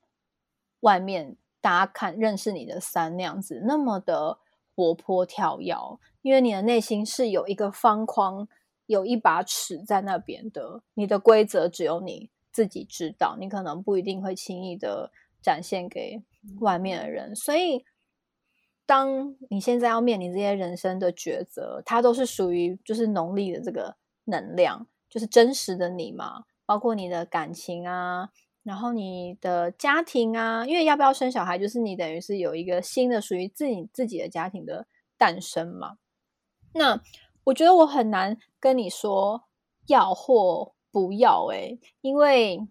外面大家看認識你的三那樣子那麼的。活潑跳躍，因為你的內心是有一個方框，有一把尺在那邊的。你的規則只有你自己知道，你可能不一定會輕易的展現給外面的人。嗯、所以，當你現在要面臨這些人生的抉擇，它都是屬於就是農曆的這個能量，就是真實的你嘛，包括你的感情啊。然後你的家庭啊，因為要不要生小孩，就是你等於是有一個新的屬於自己自己的家庭的誕生嘛。那我覺得我很難跟你說要或不要，欸，誒，因為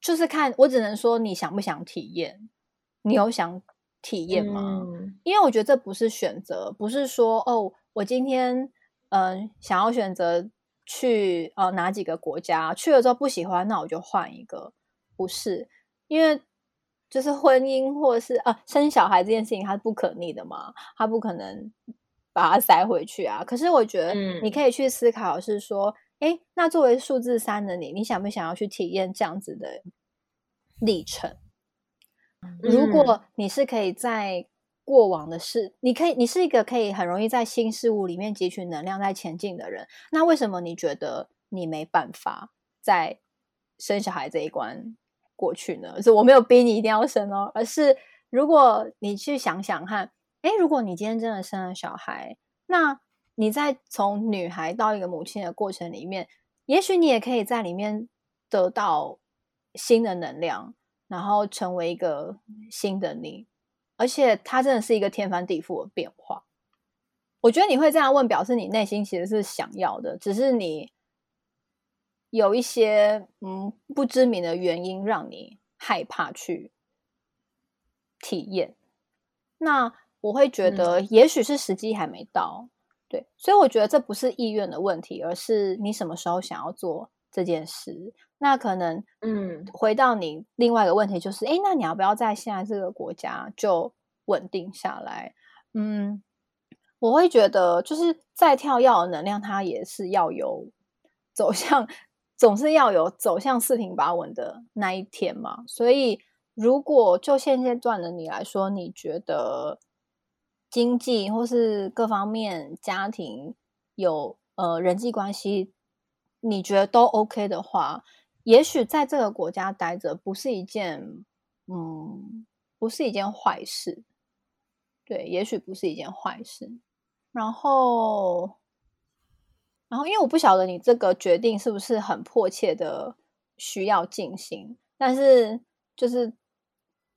就是看我只能說你想不想體驗，你有想體驗嗎？嗯。因為我覺得這不是選擇，不是說哦，我今天嗯，呃，想要選擇去呃哪幾個國家，去了之後不喜歡，那我就換一個。不是，因為就是婚姻或是啊生小孩這件事情，它是不可逆的嘛，他不可能把它塞回去啊。可是我覺得，你可以去思考是說，嗯、誒，那作為數字三的你，你想不想要去體驗這樣子的歷程？嗯、如果你是可以在過往的事，你可以，你是一個可以很容易在新事物裡面汲取能量，在前進的人，那為什麼你覺得你沒辦法在生小孩這一關？過去呢？是我沒有逼你一定要生哦，而是如果你去想想看，欸，如果你今天真的生了小孩，那你在從女孩到一個母親的過程裡面，也許你也可以在裡面得到新的能量，然後成為一個新的你，而且它真的是一個天翻地覆的變化。我覺得你會這樣問，表示你內心其實是想要的，只是你。有一些嗯不知名的原因讓你害怕去體驗，那我會覺得也許是時機還沒到，嗯、對，所以我覺得這不是意願的問題，而是你什麼時候想要做這件事。那可能嗯，回到你、嗯、另外一個問題就是，誒、欸，那你要不要在現在這個國家就穩定下來？嗯，我會覺得就是在跳躍的能量，它也是要有走向，總是要有走向四平八穩的那一天嘛，所以如果就現階段的你來說，你覺得經濟或是各方面家庭有呃、人際關係，你覺得都 OK 的話，也許在這個國家待着不是一件嗯，不是一件壞事，對，也許不是一件壞事，然後。然後，因為我不曉得你這個決定是不是很迫切的需要進行，但是就是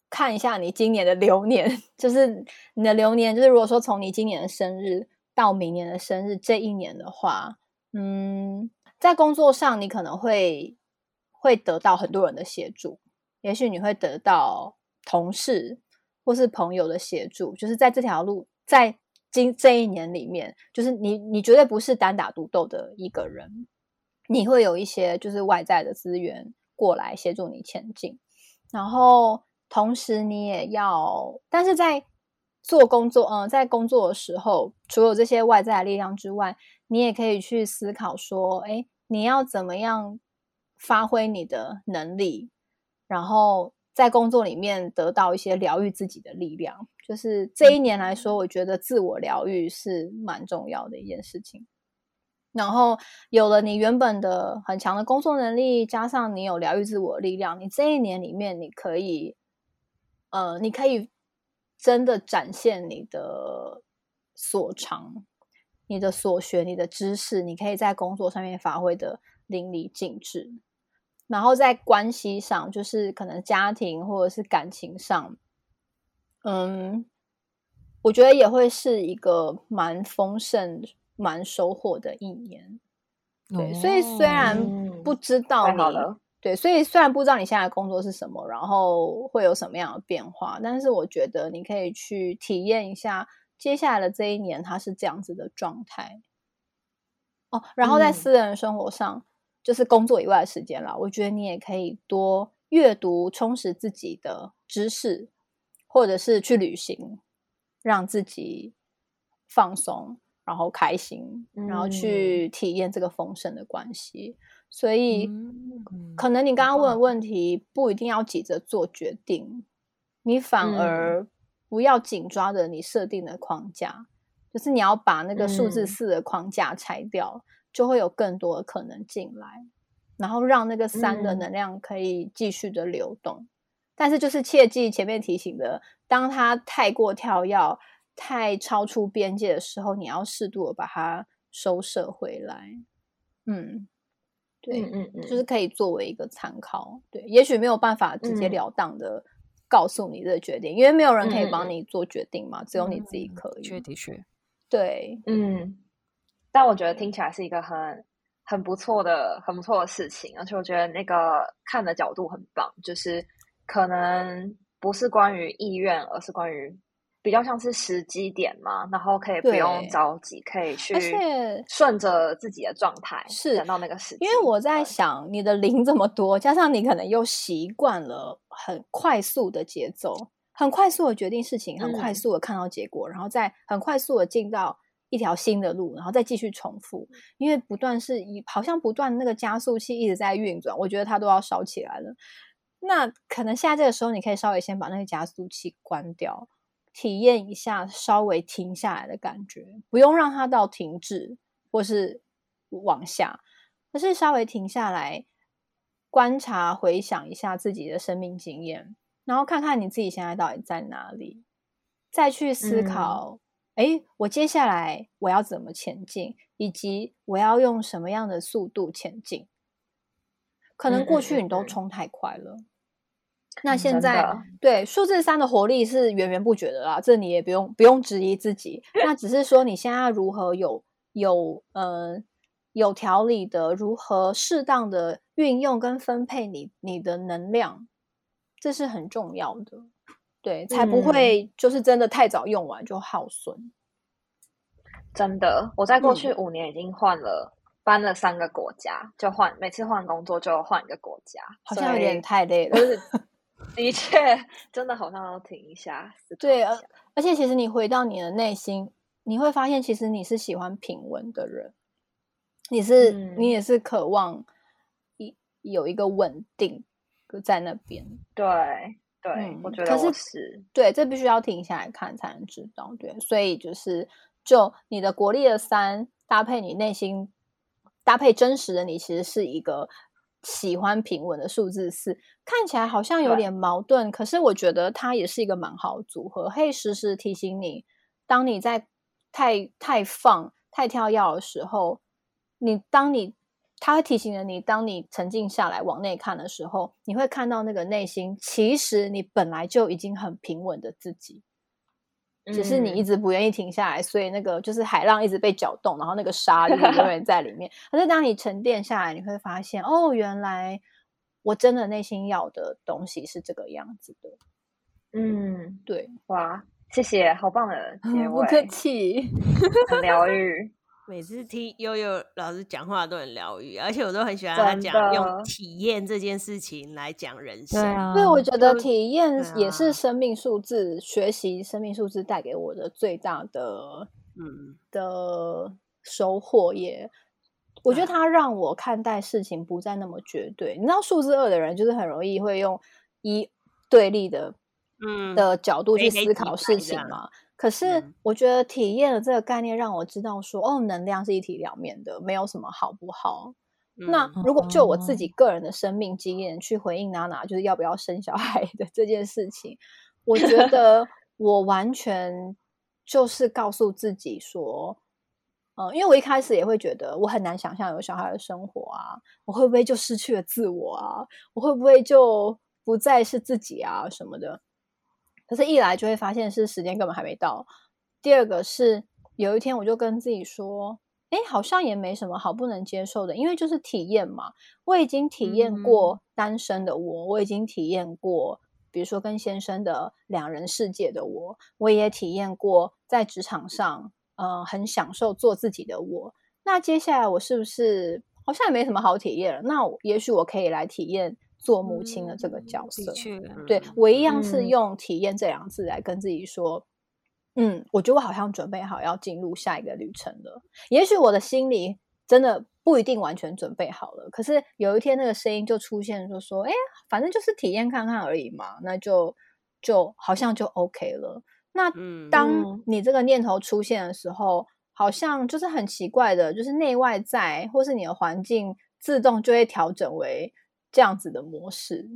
看一下你今年的流年，就是你的流年，就是如果說從你今年的生日到明年的生日這一年的話，嗯，在工作上你可能會會得到很多人的協助，也許你會得到同事或是朋友的協助，就是在這條路在。這這一年裡面，就是你，你絕對不是單打獨鬥的一個人，你會有一些就是外在的資源過來協助你前進，然後同時你也要，但是在做工作，嗯、呃，在工作的時候，除了這些外在的力量之外，你也可以去思考說，誒，你要怎麼樣發揮你的能力，然後。在工作裡面得到一些療癒自己的力量，就是這一年來說，我覺得自我療癒是蠻重要的一件事情。然後有了你原本的很強的工作能力，加上你有療癒自我力量，你這一年裡面你可以，呃，你可以真的展現你的所長、你的所學、你的知識，你可以在工作上面發揮得淋漓盡致。然後在關係上，就是可能家庭或者是感情上，嗯，我覺得也會是一個蠻豐盛、蠻收穫的一年。對，哦、所以雖然不知道你，好、嗯、對、對，所以雖然不知道你現在的工作是什麼，然後會有什麼樣的變化，但是我覺得你可以去體驗一下接下來的這一年，它是這樣子的狀態。哦，然後在私人的生活上。嗯就是工作以外的時間了，我覺得你也可以多閱讀，充實自己的知識，或者是去旅行，讓自己放鬆，然後開心，然後去體驗這個豐盛的關係。嗯、所以，嗯嗯、可能你剛剛問的問題吧不一定要急着做決定，你反而不要緊抓着你設定的框架，嗯、就是你要把那個數字四的框架拆掉。嗯就會有更多的可能進來，然後讓那個三的能量可以繼續的流動。嗯、但是就是切記前面提醒的，當它太過跳躍，太超出邊界的時候，你要適度的把它收攝回來。嗯，對，嗯，嗯，嗯就是可以作為一個參考。對，也許沒有辦法直截了當的告訴你這個決定，嗯、因為沒有人可以幫你做決定嘛，嗯、只有你自己可以。嗯、的確，的確對，嗯。但我覺得聽起來是一個很很不錯的、很不錯的事情，而且我覺得那個看的角度很棒，就是可能不是關於意願，而是關於比較像是時機點嘛，然後可以不用着急，對可以去順着自己的狀態，是且等到那個時機。因為我在想，你的零這麼多，加上你可能又習慣了很快速的節奏，很快速的決定事情，很快速的看到結果，嗯、然後再很快速的進到。一條新的路，然後再繼續重複，因為不斷是以好像不斷那個加速器一直在運轉，我覺得它都要燒起來了。那可能現在這個時候，你可以稍微先把那個加速器關掉，體驗一下稍微停下來的感覺，不用讓它到停止或是往下，而是稍微停下來，觀察、回想一下自己的生命經驗，然後看看你自己現在到底在哪裡，再去思考。嗯。哎，我接下來我要怎麼前進，以及我要用什麼樣的速度前進？可能過去你都衝太快了。嗯、那現在，嗯、對，數字三的活力是源源不絕的啦，這你也不用不用質疑自己。那只是說，你現在要如何有有呃有條理的，如何適當的運用跟分配你你的能量，這是很重要的。對，才不會就是真的太早用完就耗損，嗯。真的，我在過去五年已經換了、嗯、搬了三個國家，就換每次換工作就換一個國家，好像有點太累了。就是、 的確，真的好像要停一下。一下對，啊，而而且其實你回到你的內心，你會發現其實你是喜歡平穩的人，你是、嗯、你也是渴望一有一個穩定就在那邊。對。對嗯，我覺得我是可是對，這必須要停下來看才能知道對，所以就是就你的國力的三搭配你內心搭配真實的你，其實是一個喜歡平穩的數字四，看起來好像有點矛盾，對可是我覺得它也是一個蠻好組合，可以時時提醒你，當你在太太放太跳耀的時候，你當你。它會提醒着你，當你沉靜下來往內看的時候，你會看到那個內心，其實你本來就已經很平穩的自己，只是你一直不願意停下來，所以那個就是海浪一直被攪動，然後那個沙就會在裡面。可 是當你沉澱下來，你會發現，哦，原來我真的內心要的東西是這個樣子的。嗯，對，哇，謝謝，好棒的結尾 不客氣， 很療癒。每次聽悠悠老師講話都很療癒，而且我都很喜歡他講的用體驗這件事情來講人生。對，哦、對，因為我覺得體驗也是生命數字、哦、學習生命數字帶給我的最大的嗯的收穫也。我覺得他讓我看待事情不再那麼絕對。嗯、你知道數字二的人就是很容易會用一對立的嗯的角度去思考事情嘛。可是，我覺得體驗的這個概念讓我知道說，嗯、哦，能量是一體兩面的，沒有什麼好不好。嗯、那如果就我自己個人的生命經驗去回應娜娜，就是要不要生小孩的這件事情，我覺得我完全就是告訴自己說， 嗯，因為我一開始也會覺得我很難想象有小孩的生活啊，我會不會就失去了自我啊？我會不會就不再是自己啊？什麼的。可是，一來就會發現是時間根本還沒到。第二個是，有一天我就跟自己說：“哎，好像也沒什麼好不能接受的，因為就是體驗嘛。我已經體驗過單身的我，嗯哼。我已經體驗過，比如說跟先生的兩人世界的我，我也體驗過在職場上，嗯、呃，很享受做自己的我。那接下來我是不是好像也沒什麼好體驗了？那也許我可以來體驗。”做母親的這個角色，嗯、對、嗯、我一樣是用“體驗”這兩個字來跟自己說，嗯，嗯，我覺得我好像準備好要進入下一個旅程了。也許我的心裡真的不一定完全準備好了，可是有一天那個聲音就出現，就說：“哎，反正就是體驗看看而已嘛。”那就就好像就 OK 了。那當你這個念頭出現的時候，嗯、好像就是很奇怪的，就是內外在或是你的環境自動就會調整為。這樣子的模式，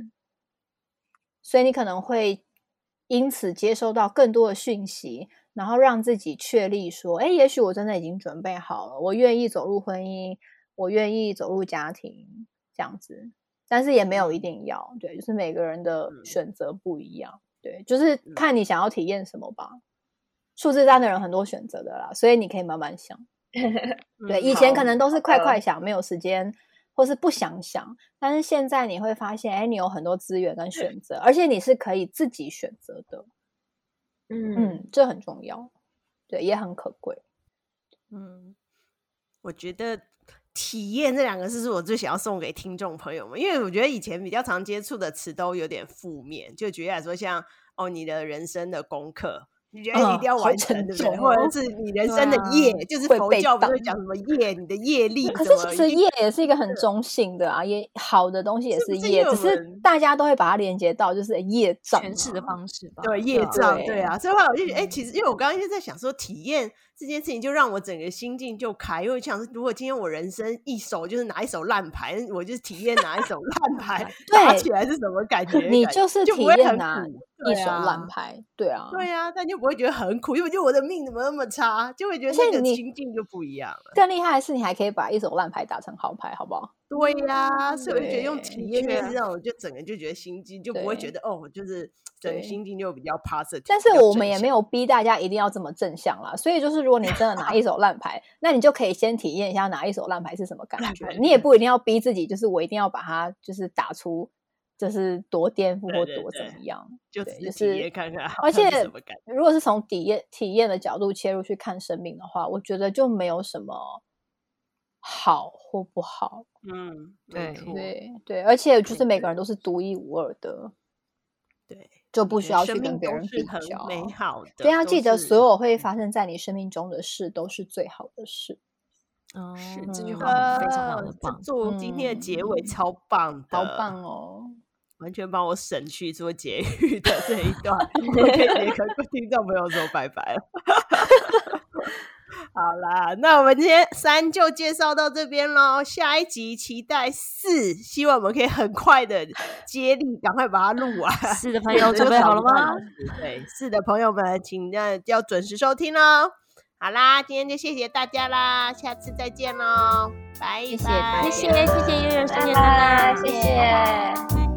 所以你可能會因此接收到更多的訊息，然後讓自己確立說：哎、欸，也許我真的已經準備好了，我願意走入婚姻，我願意走入家庭，這樣子。但是也沒有一定要，對，就是每個人的選擇不一樣，嗯、對，就是看你想要體驗什麼吧。數、嗯、字三的人很多選擇的啦，所以你可以慢慢想。嗯、對，好以前可能都是快快想，嗯、沒有時間。或是不想想，但是現在你會發現，哎、欸，你有很多資源跟選擇，對而且你是可以自己選擇的。嗯，嗯，這很重要，對，也很可貴。嗯，我覺得體驗這兩個字是我最想要送給聽眾朋友們，因為我覺得以前比較常接觸的詞都有點負面，就舉例來說像，像哦，你的人生的功課。你覺得你一定要完成的，或者是你人生的業，就是會被講什麼業，你的業力。可是其實業也是一個很中性的啊，也好的東西也是業，只是大家都會把它連接到就是業障詮釋的方式，對，業障，對啊。所以話我就覺得哎，其實因為我剛剛一直在想說，體驗這件事情就讓我整個心境就開，因為像如果今天我人生一手就是拿一手爛牌，我就是體驗拿一手爛牌打起來是什麼感覺，你就是體驗很苦，啊、一手爛牌，對啊，對啊，但就不會覺得很苦，因為就我，我的命怎麼那麼差，就會覺得。所以你心境你就不一樣了。更厲害的是，你還可以把一手爛牌打成好牌，好不好？對呀、啊，對，所以我就覺得用體驗讓我就整個就覺得心境對就不會覺得哦，就是整個心境就比較 po 對 sitive，但是我們也沒有逼大家一定要這麼正向啦。所以就是如果你真的拿一手爛牌， 那你就可以先體驗一下拿一手爛牌是什麼感覺。你也不一定要逼自己，就是我一定要把它就是打出。就是多顛覆或多怎麼樣？就是，而且如果是從體驗體驗的角度切入去看生命的話，我覺得就沒有什麼好或不好。嗯，對對對，而且就是每個人都是獨一無二的，對，就不需要去跟別人比較。美好的，對，要記得所有會發生在你生命中的事都是最好的事。是這句話非常好的。做今天的結尾超棒，超棒哦。完全幫我省去做節育的這一段， 我可以跟聽眾朋友說拜拜了。 好啦，那我們今天三就介紹到這邊嘍，下一集期待四，希望我們可以很快的接力，趕快把它錄完。四的朋友準備好了嗎？ 對，四的朋友們，請那要準時收聽嘍。好啦，今天就謝謝大家啦，下次再見嘍，拜，拜。謝，謝，謝謝，謝謝悠悠老師的啦，謝謝。